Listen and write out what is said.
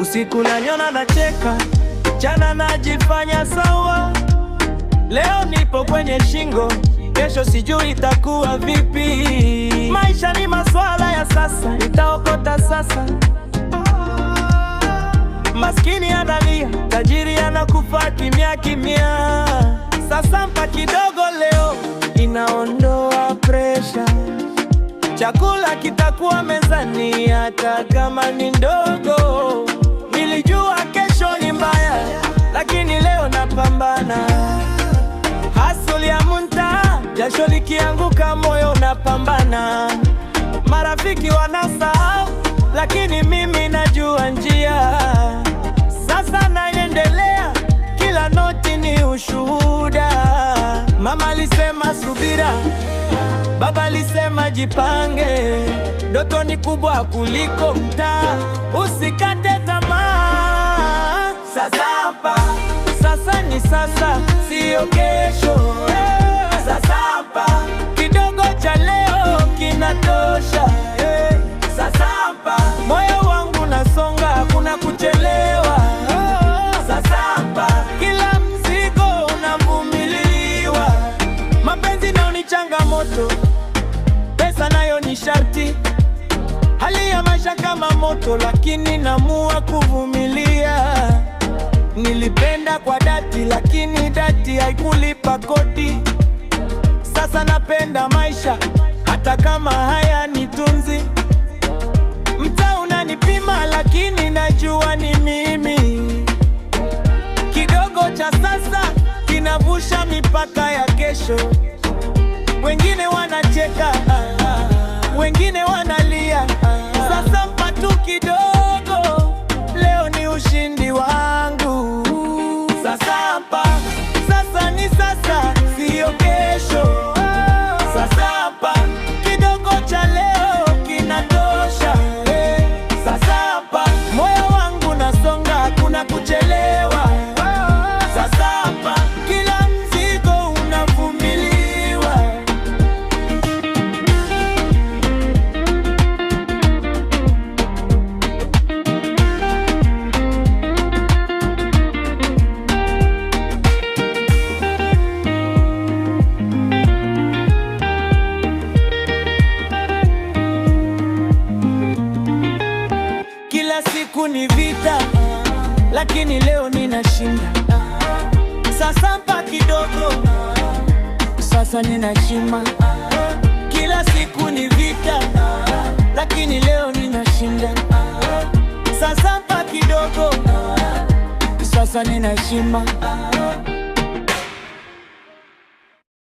Usiku nanyona nacheka, chana najifanya sawa. Leo nipo kwenye shingo, kesho sijui itakuwa vipi. Maisha ni maswala ya sasa, nitaokota sasa. Maskini analia, tajiri anakufa kimya kimya. Sasa mpa kidogo leo, inaondoa presha. Chakula kitakuwa mezani hata kama ni ndogo mbaya, lakini leo napambana. Hasuli ya munta, jasho likianguka, moyo napambana. Marafiki wanasahau, lakini mimi najua njia. Sasa naendelea, kila noti ni ushuhuda. Mama alisema subira, baba alisema jipange. Ndoto ni kubwa kuliko mtaa, usikate tamaa. Sazampa, sasa ni sasa, siyo kesho. Sazampa, kidogo cha leo kinatosha. Sazampa, moyo wangu nasonga, hakuna kuchelewa. Sazampa, kila mzigo unavumiliwa. Mapenzi nayo ni changamoto, pesa nayo ni sharti, hali ya maisha kama moto, lakini namua kuvumilia. Nilipenda kwa dati lakini dati haikulipa kodi. Sasa napenda maisha hata kama haya ni tunzi. Mtaa unanipima, lakini najua ni mimi. Kidogo cha sasa kinavusha mipaka ya kesho. Wengine wanacheka, ah, ah. wengine wana sasa, sio kesho. Sasa hapa ni vita, lakini leo ninashinda. Sasa mpa kidogo, sasa ninashima. Kila siku ni vita, lakini leo ninashinda. Sasa mpa kidogo, sasa ninashima.